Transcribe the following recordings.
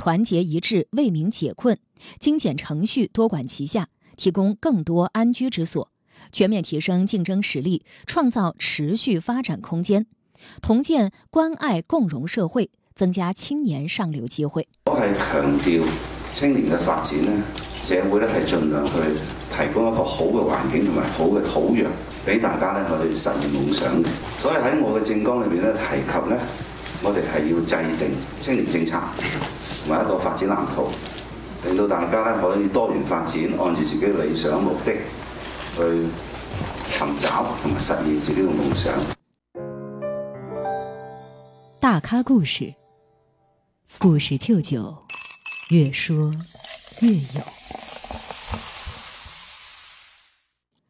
團結一致，為民解困；精簡程序，多管齊下，提供更多安居之所；全面提升競爭實力，創造持續發展空間；同建關愛共融社會，增加青年上流機會。我係強調青年嘅發展咧，社會咧係盡量去提供一個好嘅環境同埋好嘅土壤，俾大家咧去實現夢想嘅。所以喺我嘅政綱裏邊咧，提及咧，我哋係要制定青年政策。同埋一個發展藍圖，令到大家咧可以多元發展，按住自己理想目的去尋找同埋實現自己嘅夢想。大咖故事，故事舅舅，越說越有。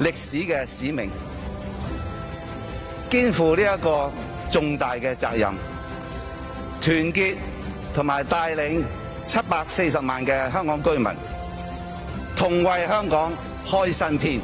歷史嘅使命，肩負呢一個重大嘅責任，團結同埋帶領七百四十萬嘅香港居民，同為香港開新篇。